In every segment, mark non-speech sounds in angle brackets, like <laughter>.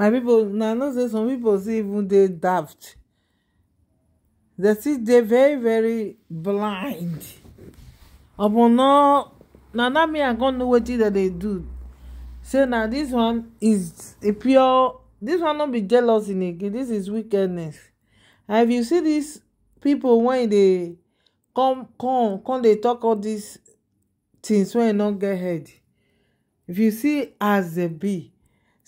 my people, now know say some people still even dey daft They still dey very very blind upon no na na me i con know wetin dem dey do say na this one is a pure This one no be jealousy again This is wickedness and if you see these people wen e dey come come come dey talk all these things wey e no get head if you see as dem be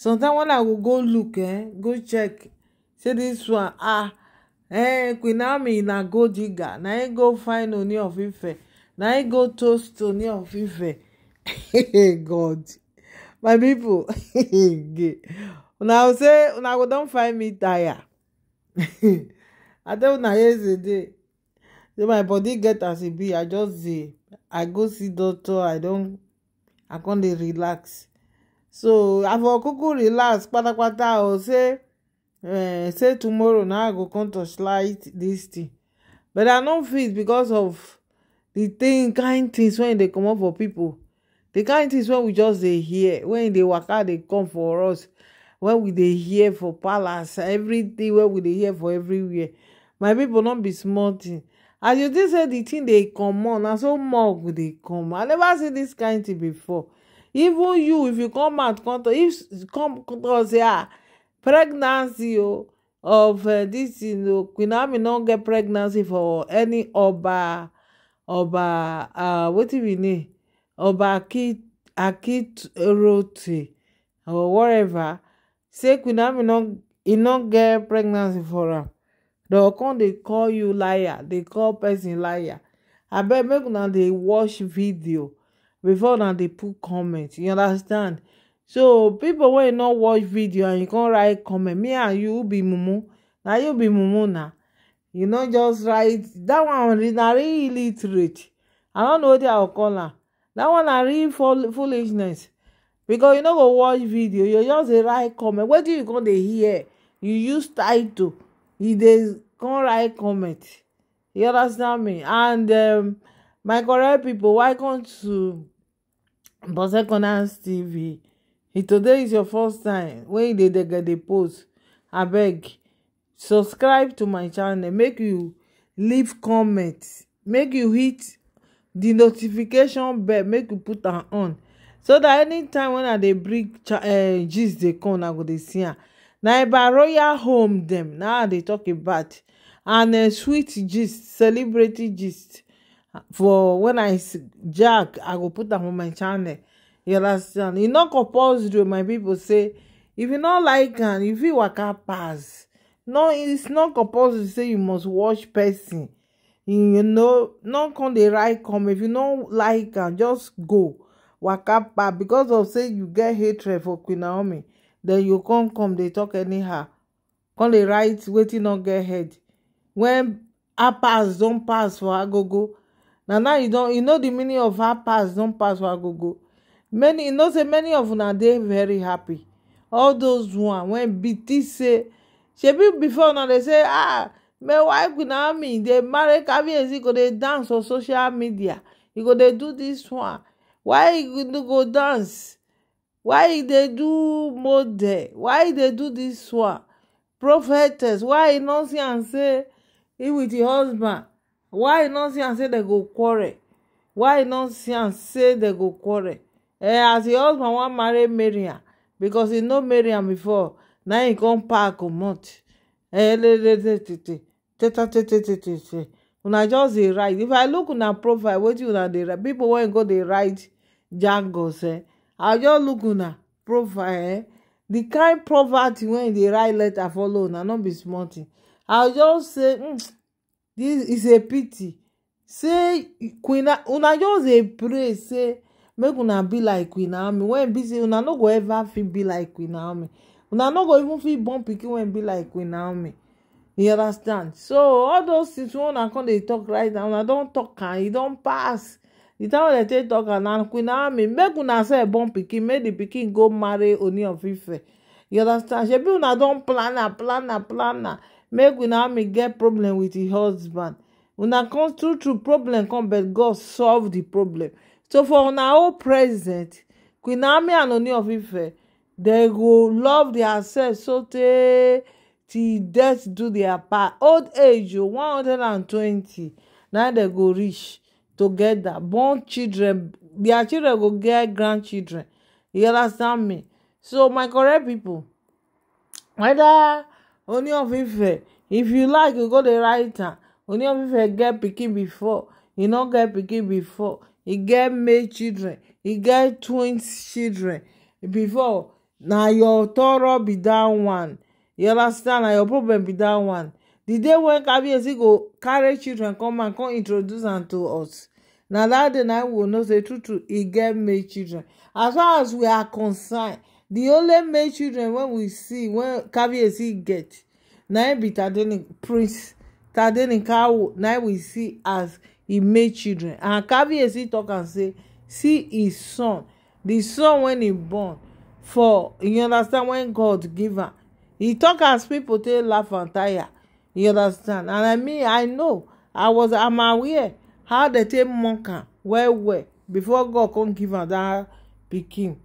sometimes when i go go look eh go check say dis one ah eh queen na gold digger na hin go find oni of ife na hin go toast oni of ife <laughs> god my pipo <laughs> una say una go don find me tire <laughs> i tell una yesterday say my body get as e be i just dey i go see doctor i don i con dey relax so i for kuku relax kpatakpata o say say eh, tomorrow na i go come torchlight this thing but i no fit because of the thing kind things wey dey comot for people the kind things wey we just dey hear when dey waka dey come for us when we dey hear for palace everything wey we dey hear for everywhere my people no be small thing as you think say the thing dey comot na so mug dey come i never see this kind thing before even you if you come out come if come talk say ah pregnancy o of uh, this you know, Queen Naomi don get pregnancy for any oba oba uh, wetin we name oba akit akitorote or whatever say Queen Naomi no e no get pregnancy for am dem come dey call you liar dey call person liar abeg make una dey watch video before na they put comment you understand so people pipo wey not watch video and you con write comment me and you be mumu Now you be mumu now. you no just write that one is na really illiterate i don't know what they are call am That one na real foolishness because you no go watch video you just dey write comment do you con dey hear you use title you dey con write comment you understand me and um my correct people, why can't you? Bose Corners TV. If today is your first time when you get the post, I beg subscribe to my channel make you leave comment, make you hit the notification bell make you put am on so that anytime wen i they bring just eh, the come i go dey see Now Na about royal home them. Now they dey talk about and eh, sweet gist, celebrity gist for when i jack i go put am on my channel you understand not no to my people say if you not like if you walk up pass no it's not to say you must watch person you know not come the right come if you not like am just go walk up pass because of say you get hatred for queen naomi then you can't come They talk anyhow come the right waiting no get head when her pass don't pass for go go na now you don't, you know the meaning of our past don't pass wagogo many you know say many of una dey very happy all those one when be think say be before una dey say ah my wife naomi They marry kabiyesi go they dance on social media e go they do this one why e go dance why they dey do model why they do this one prophetess why e no see am say e with im husband why you no see am say dem go quarrel why you no see am say dem go quarrel eh as your husband wan marry maryam because e no marry am before na im come pack comot eh tete una just dey write if i look una profile wetin una dey write pipo wey go dey write jangos eh i just look una profile eh di kind poverty wey dey write letter follow una no be small tin i just say hmm, This is a pity say queen una just dey pray say make una be like queen naomi wen be say una no go ever fit be like queen naomi una no go even fit born pikin wen be like queen naomi you understand so all those things wey una come dey talk right now una don talk am e don pass the time wey dem take talk am na queen naomi make una sef born pikin make the pikin go marry oni of ife you understand shebi una don plan am plan am plan am make una me get problem with the husband una come true true problem come but god solve the problem so for una own present queen naomi and oni of ife dem go love so they till death do their part old age o oh, one hundred and twenty na dem go rich together born children their children go get grandchildren you understand me so my correct people, whether Oni of if you like, you go dey write am. Oni of Ife get pikin before. E no get pikin before. E get male children. E get twins children. Before, na your thorough be that one. You understand? Na your problem be that one. The day when Kabiyesi go carry children come and come introduce am to us. na that day na we go know say true true e get male children as far as we are concerned the only male children wey we see wey Kabiyesi get na him be Tadeni Prince Tadenikawo na we see as he male children and Kabiyesi talk am say see his son the son when he born for you understand when God give am he talk as people take laugh and tire you understand and I mean I know I was I'm aware how they take mock am well well before God come give am that pikin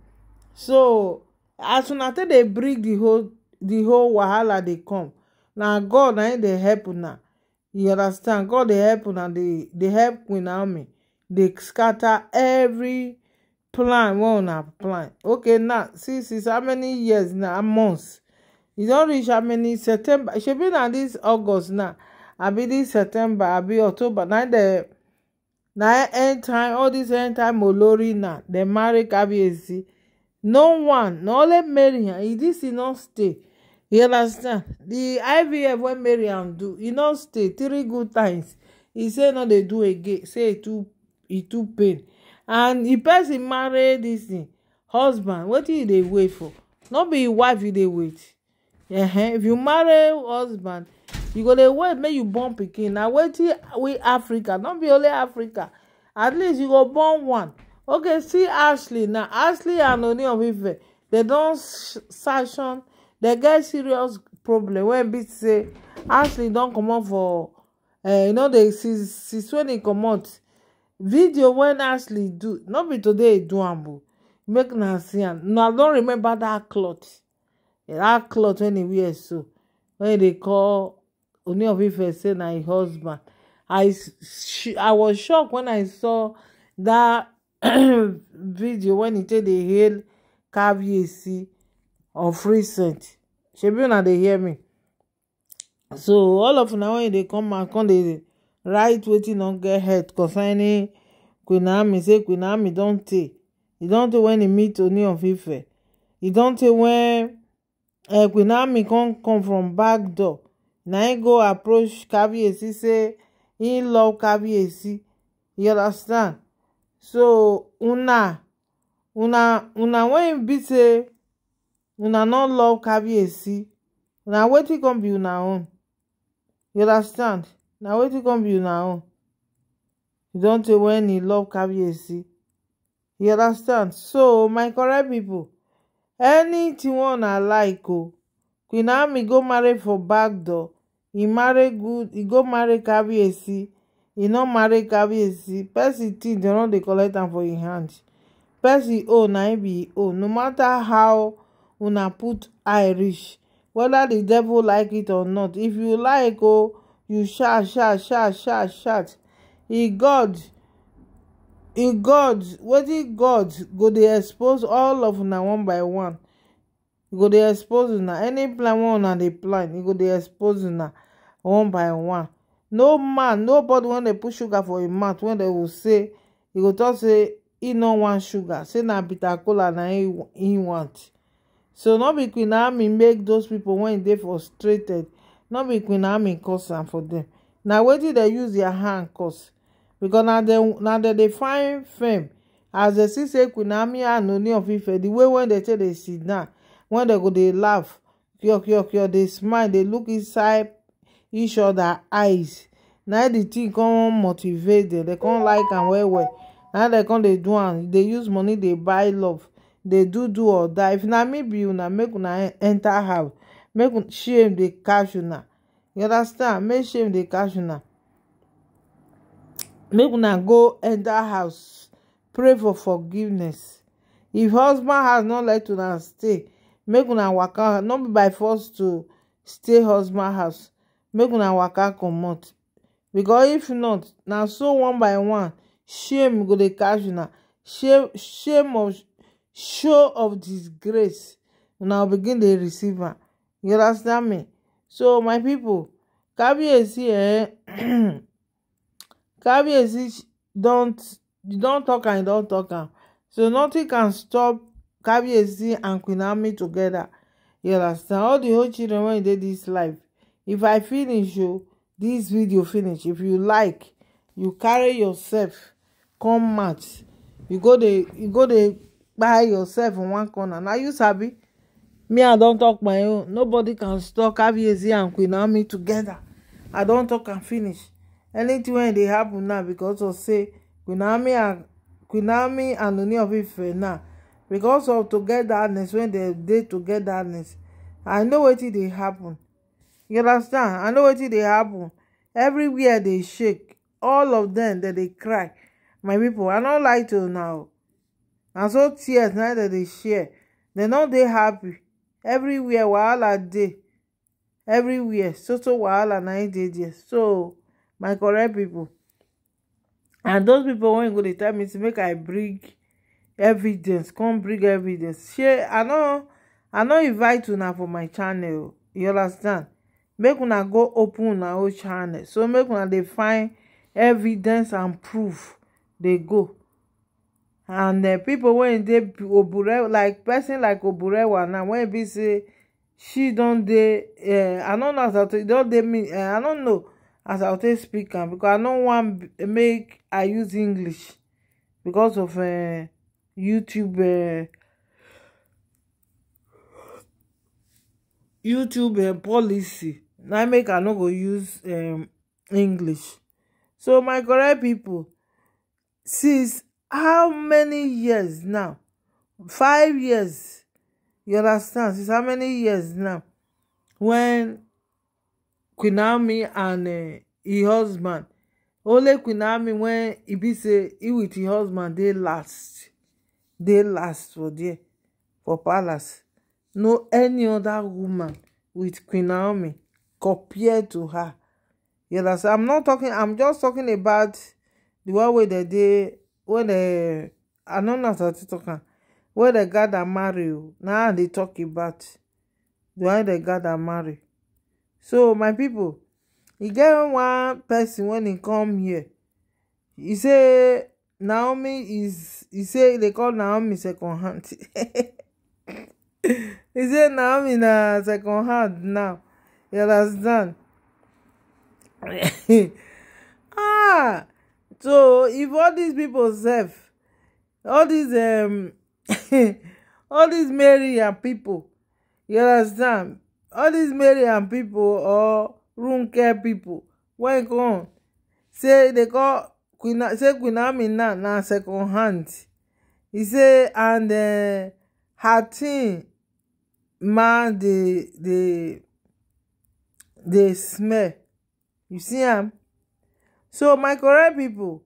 so as una take dey bring di whole the whole wahala dey come na god na him dey help una you understand god dey help una dey dey help queen emi dey scatter every plan wey una plan okay now see since how many years now months e don reach how many september shebi na dis august now abi dis september abi october na im dey na time all dis time olori na dem marry kabiyesi no one na only mariam e dis e no stay you understand di ivf wey mariam do e no stay three good times e say no dey do again say e too e too pain and di person marry thing. husband wetin you dey wait for no be your wife you dey wait -huh. if you marry husband you go dey wait make you born pikin na wetin we africa no be only africa at least you go born one okay see ashley Now ashley and oni of ife they don't sanction they get serious problem When be say ashley don't come out for eh, you know they dey since when wen come out, video when ashley do not be today e do am make na see am na remember that cloth eh, That cloth when he wears so when they dey call oni of ife say my e husband i i was shocked when i saw that. <clears throat> video wen e take dey hail caviarcy of recent shebi una they hear me so all of now when they come and come they right waiting don get head concerning queen ami say queen ami don tey e don tey wen e meet oni on ife e don't tey when eh, queen ami come come from back door na he go approach caviarcy say he love caviarcy you understand so una una una When wen be say una no love kabiyesi na wetin come be una own you understand na wetin come be una own you don tey when e love kabiyesi you understand so my correct people, anytin wey una like o queen naomi go marry for back door e marry good e go marry kabiyesi e no marry kabiyesi person thing dem no dey collect am for im hand person own oh, na im be im own oh, no matter how una put eye reach whether the devil like it or not if you like o oh, you shout shout shout shout shout e god e god wetin god go dey expose all of una one by one e go dey expose una any plan wey una dey plan e go dey expose una one by one no man nobody wan dey put sugar for im mouth wen dem go say e go talk say e no want sugar say na bitter kola na im want so no be queen army make those pipo wey e dey frustrated no be queen army cause am for dem na wetin dem use their hand cause becos na dem dey find fame as dem see say queen army and oni of ife The way wey dem take dey sit down wen dem go dey laugh kyo kyo kyo dey smile dey look inside each other eyes na the thing come motivate them. They come like am well well na they come dey do am dey use money dey buy love dey do do or die if na me be una make una enter house make shame dey catch una you understand make shame dey catch una make una go enter house pray for forgiveness if husband house no let una stay make una waka no be by force to stay husband house make una waka comot becos if not na so one by one shame go dey catch una shame of show of dis grace una begin dey receive am you understand me. so my pipo kabezi eh, <clears throat> don talk and e don talk am so nothing can stop kabiyesi and queen ami together you understand all di whole children wey dey dis life. if i finish you, oh, this video finish if you like you carry yourself come match you go the you go the buy yourself in one corner na you sabi me i don't talk my own nobody can stalk avc and queen naomi together i don't talk and finish anything when they happen now because of say Kunami and Kunami naomi and oni of ife now because of togetherness when they did togetherness i know wetin dey happen you understand i know wetin They happen everywhere They shake all of them that they cry my people. i don't like to now na so tears now that they share dem no they happy everywhere while wahala day, everywhere so so while na night dey there so my correct people. and those people when go dey tell me say make i bring evidence come bring evidence Share. i know. I no invite now for my channel you understand make una go open una own channel so make una dey find evidence and proof dey go and eh, people wey e dey obure like person like oburewa now wey e be say she don dey eh, i no know as i take don dey mean eh, i no know as i take speak am because i no wan make i use english because of youtube youtube policy na make i no go use um, english so my correct people, since how many years now five years you understand since how many years now When queen Ami and uh, her husband only queen Ami wen e be say he with his husband dey last dey last for there for palace no any other woman with queen Naomi compared to her you understand i'm not talking i'm just talking about the one wey dem dey wey dem i don't know what i take talk am wey dem gather marry o na i dey talk about the one guy that marry so my people, e get one person when he come here He say naomi is He say they call naomi second hand <laughs> He say naomi na second hand now you <laughs> understand ah so if all these people sef all these um <laughs> all these Mary and people you understand all these Mary and people or care people wey come say they call Queen say Queen Amina na second hand He say and uh, her team man the the. dey smell you see am so my correct pipo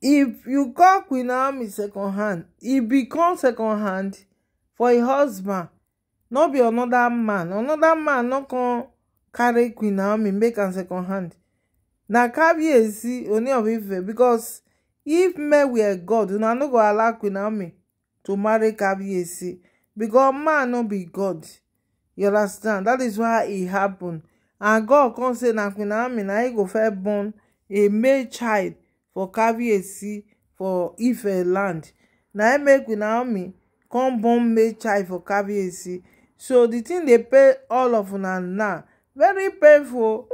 if you call queen naomi second hand e become second hand for her husband no be anoda man anoda man no come carry queen naomi make am second hand na kabiyesi oni of ife because if men were god una no go allow queen naomi to marry kabiyesi because man no be god you understand That is why it happened. and god come say na queen amina e go first born a male child for caviarcy for ife land na im make queen naomi come born male child for caviarcy so the thing they pay all of una now very painful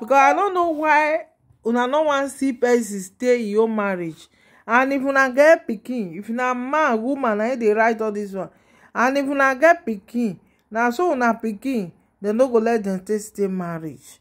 because i don't know why una no wan see person stay in your marriage and if una get picking, if na man woman na they dey write all dis one and if una get picking na so una pikin dem no go let dem take stay marriage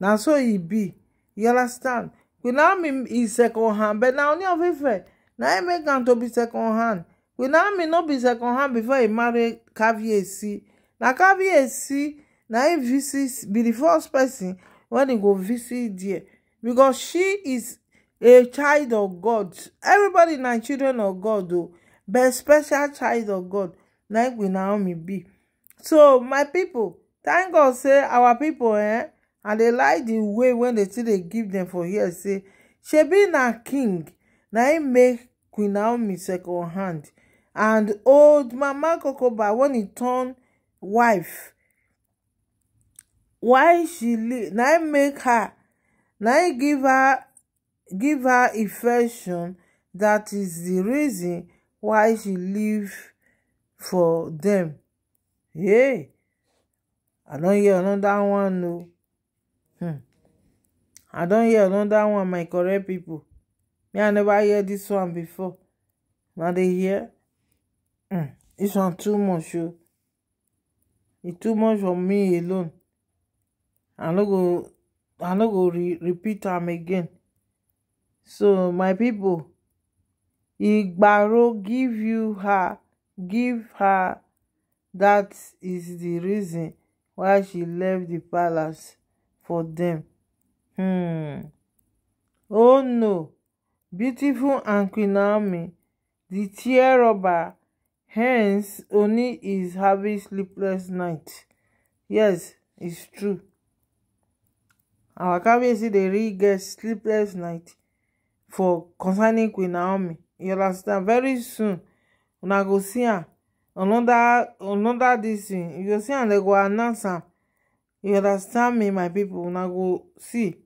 na so e be you understand Kunami naomi is e second hand but na only of ife na im e make am to be second hand Kunami no be second hand before e marry caviesi na caviesi na im e visit be the first person wen e go visit there because she is a child of god everybody na children of god o oh. but special child of god na im queen be so my people, thank god say our people, eh and they like the way when they see they give them for here say she be na king na im make queen naomi second hand and old mama kokoba when he turn wife why she leave na im make her na im give her give her affection. that is the reason why she leave for them. Hey, I don't hear another one, no. Hmm. I don't hear another one, my correct people. Me, I never hear this one before. Now they hear. Hmm. This one too much, yo. Oh. It's too much for me alone. I no go, I no go re repeat them again. So, my people, Igbaro give you her, give her. That is the reason why she left the palace for them. Hmm. oh no beautiful and queen naomi di tear rubber hence Ooni is having sleepless night yes it's true our Kabiyesi dey really get sleepless night for concerning Queen Naomi you understand very soon una go see am another another dis thing you go see am dem go announce am you understand me my people. una go see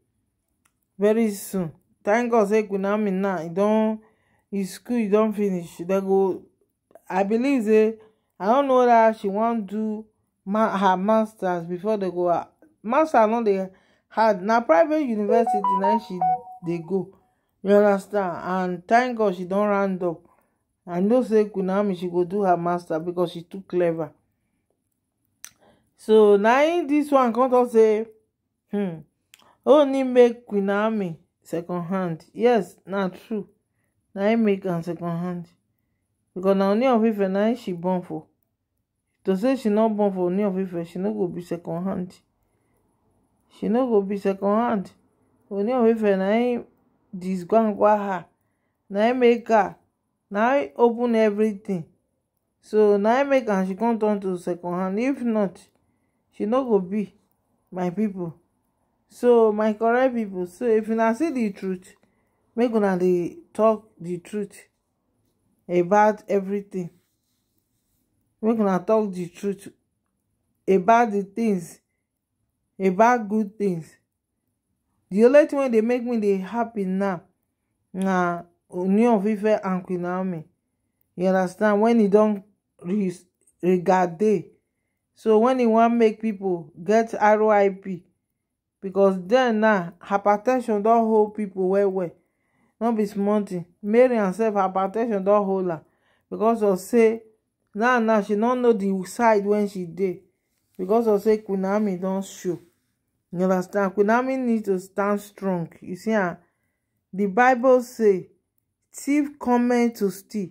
very soon thank god say queen ami now e don e school e don finish They go i believe say i don't know that she wan do ma her masters before they go her master no dey hard na private university na she dey go you understand and thank god she don round up i know say queen naomi she go do her master becos she too clever so na in dis one come talk say hmm only oh, make queen naomi second hand yes na true na im make am second hand becos na only of ife na she born for to say she not born for only of ife she no go be second hand she no go be second hand only of ife na im dis her na im make her na im open everything so na im make am she come turn to second hand if not she no go be my people. so my correct people. so if una see the truth make una dey talk the truth about everything make una talk the truth about the things about good things The only thing wey dey make me dey happy now na union fit fail and queen naomi you understand When wen e don regade so when he want make people get roip becos den na hypertension don hold people well well no be small mary herself hypertension don hold her because of say now now she no know the side when she did because of say queen naomi don show you understand queen naomi need to stand strong you see am ah, the bible say thief cometh to steal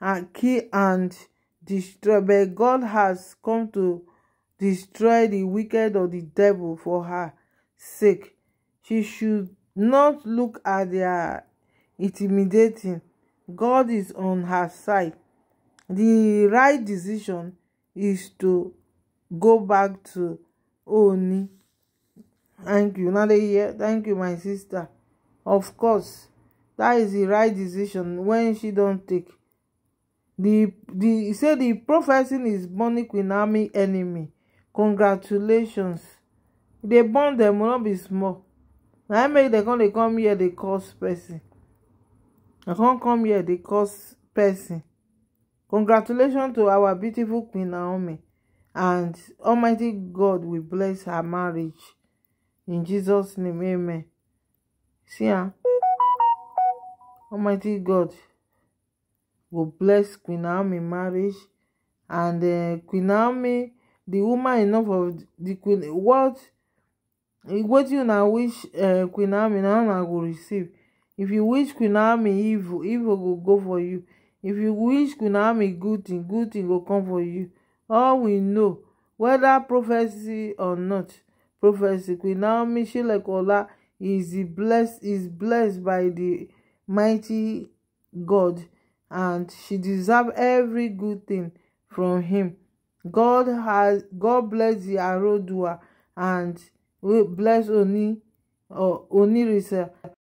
and kill and destroy but god has come to destroy the wicked of the devil for her sake she should not look at their intimidating god is on her side the right decision is to go back to Oni. thank you una thank you my sister of course That is the right decision When she don't take the the say the prophecy is burning queen naomi enemy congratulations e dey burn dem no be small na make they come dey come here dey curse person I can't come here dey curse person congratulations to our beautiful queen naomi and almighty god will bless her marriage in jesus name amen see am ah, almighty god go bless queen naomi marriage and uh, queen naomi the woman enough of the queen what wetin una wish uh, queen naomi na una go receive if you wish queen naomi evil evil go go for you if you wish queen naomi good thing good thing go come for you all we know whether prophecy or not prophecy queen naomi shilekola is blessed is blessed by the mighty God and she deserves every good thing from him. God has God bless the Arodua and bless Oni or uh, Onirisa